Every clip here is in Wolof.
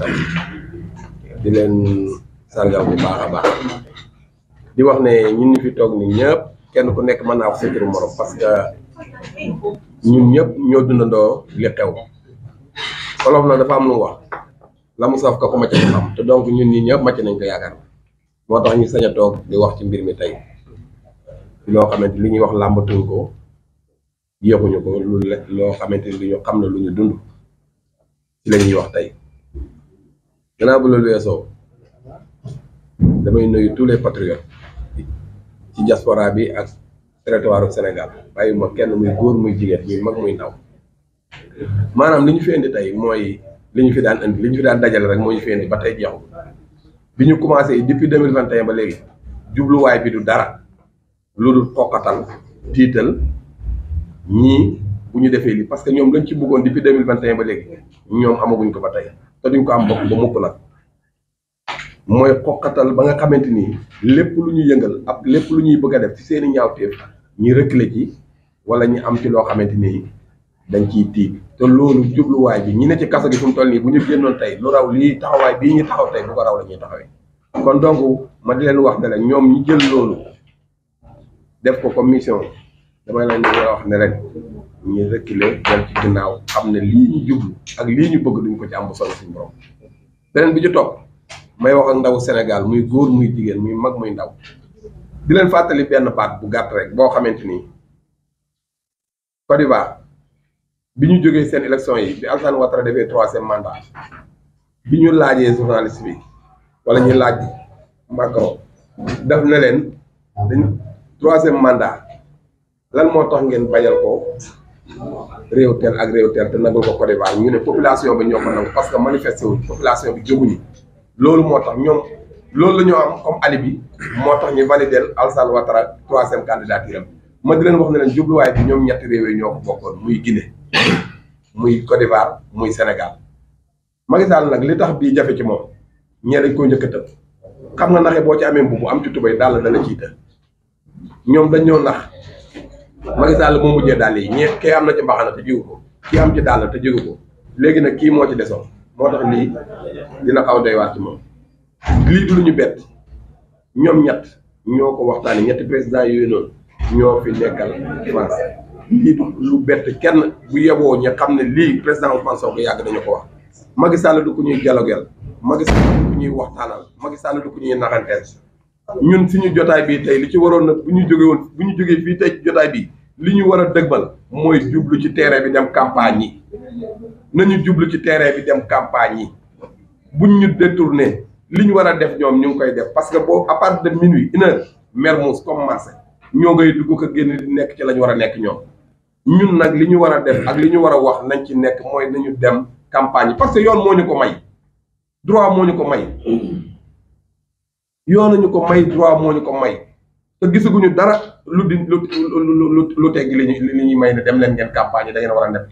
tam di leen sargal bu baax a di wax ne ñun ñu fi toog ni ñëpp kenn ku nekk mën naa wax sa turu morom parce que ñun ñëpp ñoo dundandoo li xew Wolof na dafa am lu wax la mu saf ka ko macc xam te donc ñun ñi ñëpp macc nañ ko yaakaar moo tax ñu sañ a toog di wax ci mbir mi tey loo xamante li ñuy wax làmbatuñ ko yéexuñu ko loo xamante ni lu ñu xam ne lu ñu dund ci la wax tey gannaaw bu loolu weesoo damay nuyu tous les patriotes ci diaspora bi ak territoire Sénégal bàyyi ma kenn muy góor muy jigéen muy mag muy ndaw maanaam li ñu fi indi tey mooy li ñu fi daan indi li ñu fi daan dajale rek moo ñu fi indi ba tey jeexu bi ñu commencé depuis deux mille vingt et ba léegi jubluwaay bi du dara lu dul xoqatal tiital ñii bu ñu defee li parce que ñoom lañ ci buggoon depuis deux mille vingt et ba léegi ñoom amaguñ ko ba tey. te duñ ko am bokk ba mukk nag mooy xoqatal ba nga xamante ni lépp lu ñu yëngal ab lépp lu ñuy bëgg a def ci seeni ñaawteef ñi reculer ci wala ñi am ci loo xamante ni dañ ciy tiit te loolu jubluwaay bi ñu ne ci kaso gi fu toll nii bu ñu génnoon tey lu raw lii taxawaay bii ñuy taxaw tey bu ko raw la taxawee kon donc ma di leen wax ne ñoom ñi jël loolu def ko comme mission damay leen di wax ne ñu reculer dal ci ginnaaw xam ne lii ñu jublu ak lii ñu bëgg duñ ko ci am bu solo suñu beneen bi ñu topp may wax ak ndaw Sénégal muy góor muy jigéen muy mag muy ndaw di leen fàttali benn baat bu gàtt rek boo xamante ni Côte d'Ivoire bi ñu jógee seen élection yi bi Alassane Ouattara defee troisième mandat bi ñu laajee journaliste bi walla ñu laaj Macron daf na leen dañ troisième mandat lan moo tax ngeen bañal ko. réew tel ak réew tel te nangul ko Côte d'Ivoire ñu ne population ba ñoo ko nangu parce que manifesté wuñ population bi jóguñu loolu moo tax ñoom loolu la ñu am comme alibi moo tax ñu validel Alassane Ouattara troisième candidature am ma di leen wax ne leen jubluwaay bi ñoom ñetti réew yi ñoo ko bokkoon muy Guinée muy Côte d'Ivoire muy Sénégal Macky Sall nag li tax bii jafe ci moom ñee dañ koo njëkk a tëb xam nga naxe boo ci amee mbubb am ci tubay daal la dala ciy ñoom dañ ñoo nax Macky Sall moo mujjee dàll yi ñeent kee am na ci mbaxana te jiwu ko kii am ci dàll te jiwu ko léegi nag kii moo ci desoon moo tax lii dina xaw doy waar moom lii du lu ñu bett ñoom ñett ñoo ko waxtaanee ñetti président yooyu noonu ñoo fi nekkal France lii lu bett kenn bu yeboo ñu xam ne lii président Ousmane Sonko yàgg dañu ko wax Macky Sall du ko ñuy dialoguel Macky Sall du ko ñuy waxtaanal Macky Sall du ñuy naxanteel ñun suñu jotaay bii tey li ci waroon nag bu ñu jógee bu ñu jógee fii tey ci jotaay bii li ñu war a dëgbal mooy jublu ci terrain bi dem campagne yi nañu jublu ci terrain bi dem campagne yi buñ ñu détourné li ñu war a def ñoom ñu ngi koy def parce que boo à partir de minuit une heure Mermoz commencé ñoo ngay dugg ko génn di nekk ci la ñu war a nekk ñoom ñun nag li ñu war a def ak li ñu war a wax nañ ci nekk mooy nañu dem campagne yi parce que yoon moo ñu ko may droit moo ñu ko may yoon ñu ko may droit moo ñu ko may te gisaguñu dara lu di lu lu lu teggi li ñu li ñuy may ne dem leen ngeen campagne da ngeen war a def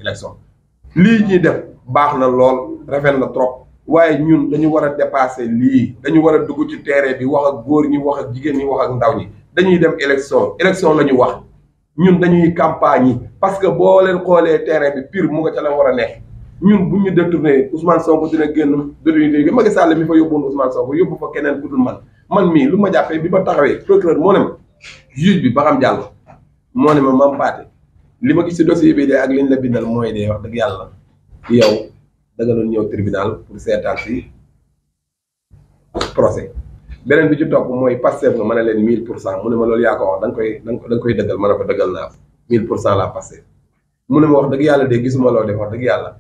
lii ñuy def baax na lool rafet na trop waaye ñun dañu war a dépasser lii dañu war a dugg ci terrain bi wax ak góor ñi wax ak jigéen ñi wax ak ndaw ñi dañuy dem élection élection la ñu wax ñun dañuy campagne yi parce que boo leen xoolee terrain bi pire mu nga ca la war a nekk ñun bu ñu détourné Ousmane Sonko dina génn détourné Macky Sall mi fa yóbbuwoon Ousmane Sonko yóbbu fa keneen ku dul man man mii lu ma jàppee bi ma taxawee procureur moo ne ma juge bi ba xam jàll moo ne ma maam paate li ma gis ci dossier bii de ak liñ la bindal mooy de wax dëgg yàlla yow da nga doon ñëw tribunal pour seetaan si procès beneen bi ci topp mooy Pastef ma ne leen 1000 pour cent ma loolu yaa da koy da nga koy dëggal ma ne ko dëggal naa 1000 pour cent laa Pastef mu ne ma wax dëgg de gisuma wax dëgg yàlla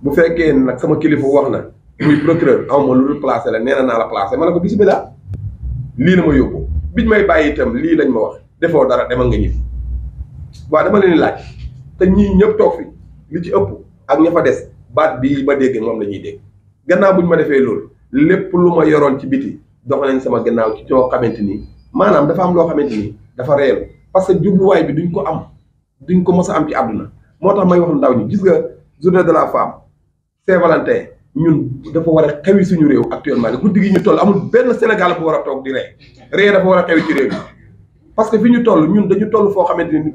bu fekkee nag sama kilifa wax na. muy procureur aw ma lu dul placé la nee na naa la placé ma ne ko bisimilah lii la ma yóbbu biñ may bàyyi itam lii lañ ma wax defoo dara demal nga ñibbi waaw dama leen laaj te ñii ñëpp toog fi li ci ëpp ak ña fa des baat bii ba dégg moom la ñuy dégg gannaaw bu ñu ma defee loolu lépp lu ma yoroon ci biti dox nañ sama gannaaw ci coo xamante ni maanaam dafa am loo xamante ni dafa reelu parce que jubluwaay bi duñ ko am duñ ko mos a am ci àdduna moo tax may wax ndaw ñi gis nga journée de la femme saint ñun dafa war a xewi suñu réew actuellement ku gi ñu toll amul benn Sénégal bu war a toog di ree ree dafa war a xewi ci réew mi parce que fi ñu toll ñun dañu toll foo xamante ni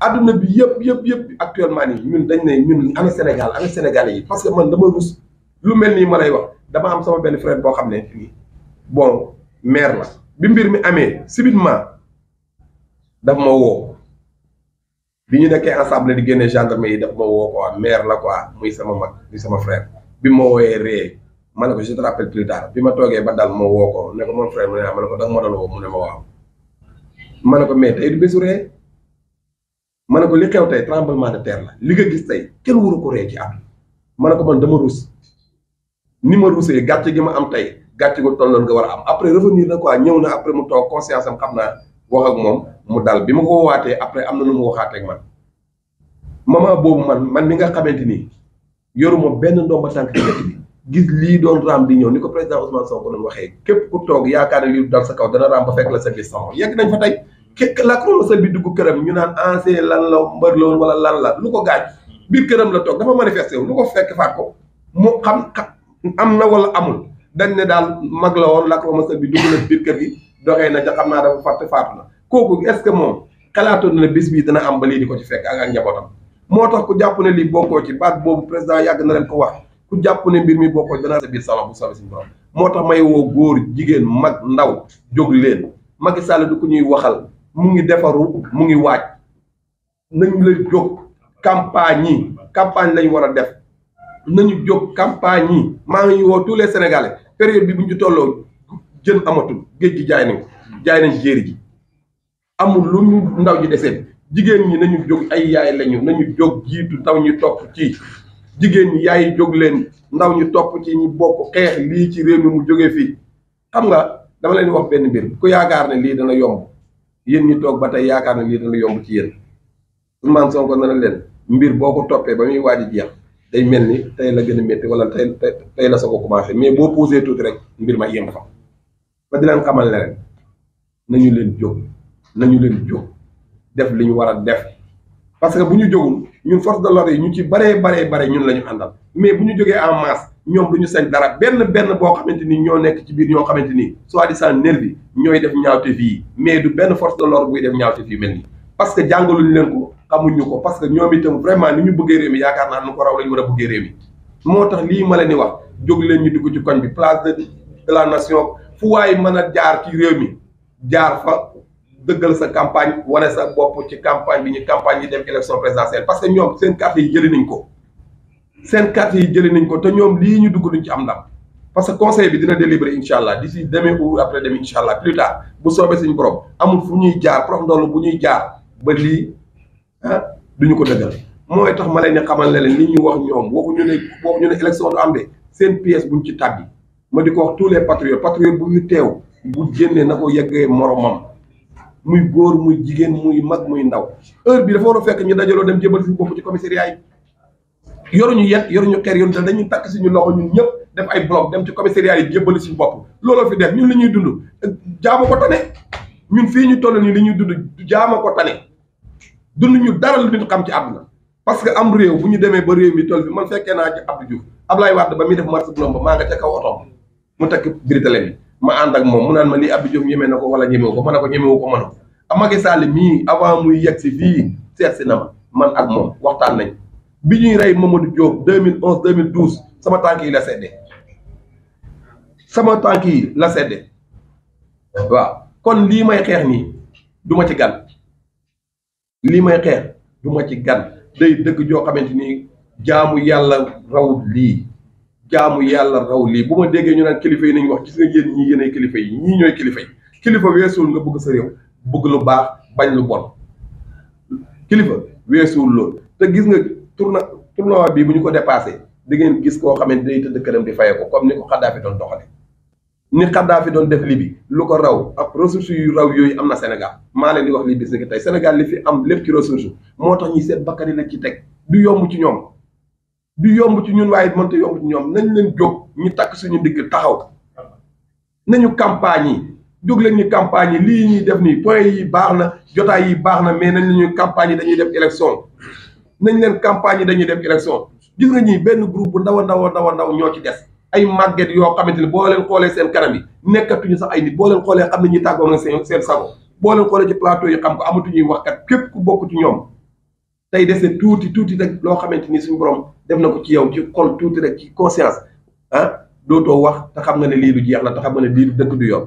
adduna bi yëpp yëpp yëpp actuellement nii ñun dañ ne ñun ana Sénégal ana Sénégalais yi parce que man dama rus lu mel nii ma lay wax dama am sama benn frère boo xam ne bon maire la bi mbir mi amee subitement daf ma woo bi ñu nekkee ensemble di génne gendarmerie yi daf ma woo quoi maire la quoi muy sama mag sama frère bi ma wooyee ree ma ne ko je rappelle plus tard bi ma toogee ba dal ma woo ko ne ko mon frère mu ne ah, ma ma ne ko mais tey ma ne ko li xew tey tremblement de terre la li gis tey kenn waru ko ree am ma ne ko man dama rus ni ma ruusee gàcce gi ma am tey gàcce gu toll noonu war a am après revenir na quoi ñëw na après mu toog conscience am xam naa wax ak moom mu dal bi ma ko woowaatee après am na nu mu waxaatee ak man moment boobu man man mi nga xamante ni. yoruma benn ndomba tànk ci dëkk bi gis lii doon raam di ñëw ni ko président Ousmane Sonko doon waxee képp ku toog yaakaar ne lii dal sa kaw dana raam ba fekk la sa biir sama sa bi dugg naan ancien lan la mbër la woon lan la lu ko gaañ biir këram la toog dafa manifesté wu lu ko fekk faat ko mu xam am na wala amul dañ ne daal mag la woon lacromose bi dugg na biir kër gi doxee na ca xam naa dafa fàtt faatu na kooku est-ce que moom xalaatoon na bis bii dana am ba lii di ko ci fekk ak ak njabootam moo tax ku jàpp ne lii bokkoo ci baat boobu président yàgg na leen ko wax ku jàppu ne mbir mi bokkoo ci danaa sa biir salon bu soobee si borom moo tax may woo góor jigéen mag ndaw jóg leen Macky Sall du ku ñuy waxal mu ngi defaru mu ngi waaj nañ la jóg campagne yi campagne lañ war a def nañu jóg campagne yi maa ngi woo tous les sénégalais période bi bu ñu ci tolloo jën amatul géej gi jaay nañ jaay nañ jéeri ji amul lu ñu ndaw ji desee jigéen ñi nañu jóg ay yaay lañu nañu jóg jiitu ndaw ñu topp ci jigéen ñi yaay jóg leen ndaw ñu topp ci ñu bokk xeex lii ci réew mi mu jógee fii xam nga dama leen wax benn mbir ku yaakaar ne lii dana yomb yéen ñi toog ba tey yaakaar ne lii dana yomb ci yéen Ousmane Sonko na leen mbir boo ko toppee ba muy waaj a jeex day mel ni tey la gën a métti wala tey tey la sa ko commencé mais boo posé tuuti rek mbir ma yem fa ba di leen xamal ne nañu leen jóg nañu leen jóg. def li ñu war a def parce que bu ñu jógul ñun force de l'ordre yi ñu ci baree baree bare ñun la ñu àndal mais bu ñu jógee en masse ñoom du ñu sañ dara benn benn boo xamante ni ñoo nekk ci biir ñoo xamante ni soi-disant nervi ñooy def ñaawte fii mais du benn force de l'ordre buy def ñaawte fii mel nii parce que jàngaluñu leen ko xamuñu ko parce que ñoom itam vraiment ni ñu bëggee réew mi yaakaar naa nu ko raw la ñu war a bëggee réew mi moo tax lii ma leen di wax jóg leen ñu dugg ci koñ bi place de la nation fu mën a jaar ci réew mi jaar fa deugal sa campagne woné sa bop ci campagne bi campagne présidentielle parce que nous, seen carte yi jëli nañ seen carte yi jëli nañ ñu ci am parce que conseil bi dina délibérer inshallah, d'ici demain ou après demain inshallah, plus tard bu savez suñu borom amul fu ñuy jaar prof ndol bu ñuy jaar ba li hein ah, duñu ko deugal moy tax ma xamal ñu wax élection de seen pièce buñ ci ma di ko wax tous les patriotes patriotes, bu ñu bu nako yeggé moromam muy góor muy jigéen muy mag muy ndaw heure bi dafa war a fekk ñu dajaloo dem jébal suñu bopp ci commissariat yi yoruñu yet yoruñu xeer yoon te dañuy takk suñu loxo ñun ñëpp def ay bloc dem ci commissariat yi jébali suñu bopp looloo fi def ñun li ñuy dund jaama ko tane ñun fii ñu toll nii li ñuy dund jaama ko tane dund ñu dara lu ñu xam ci na parce que am réew bu ñu demee ba réew mi toll bi man fekkee naa ci Abdou Diouf Ablaye Wade ba muy def marche Colombe maa nga ca kaw otoom mu takk biritale bi ma ànd ak moom mu ko wala ñemewu ko ma ne ko ñemewu ko Macky Sall mii avant muy yegg si fii seet si na ma man ak moom waxtaan nañ bi ñuy rey Mamadou Diop 2011 2012 sama tànk yi la sedde sama tànk yi la sedde waaw kon lii may xeex nii duma ci gan lii may xeex duma ci gan day dëgg joo xamante ni jaamu yàlla raw lii jaamu yàlla raw lii bu ma déggee ñu naan kilifa yi nañu wax gis nga yéen ñii yéenay kilifa yi ñii ñooy kilifa yi kilifa weesul nga bëgg sa réew bëgg lu baax bañ lu bon kilifa weesuwul loolu te gis nga tourna tournoi bii bu ñu ko dépassé di ngeen gis koo xamante day tëdd këram di fayee ko comme ni ko Xaddaafi doon doxale ni fi doon def li bi lu ko raw ak ressources yu raw yooyu am na Sénégal maa leen di wax libi si ni tey Sénégal li fi am lépp ci ressource moo tax ñi seet bakkani la ci teg du yomb ci ñoom du yomb ci ñun waaye mënta yomb ci ñoom nañ leen jóg ñu takk suñu ndigg taxaw nañu campagne yi jóg leen ñu campagne yi lii ñuy def nii point yi baax na jotaay yi baax na mais nañ lañu campagne yi dañuy def élection nañ leen campagne yi dañuy def élection gis nga ñii benn groupe bu ndaw a ndaw a a ndaw ñoo ci des ay màgget yoo xamante ne boo leen xoolee seen kanam yi nekkatuñu sax ay nit boo leen xoolee am ne ñuy tàggoo na seen seen sago boo leen xoolee ci plateau yi xam ko amatuñuy waxkat képp ku bokk ci ñoom tey dese tuuti tuuti rek loo xamante ni suñu borom def na ko ci yow ci xol tuuti rek ci conscience ah dootoo wax te xam nga ne lii lu jeex la te xam ne lii lu dëkk yoon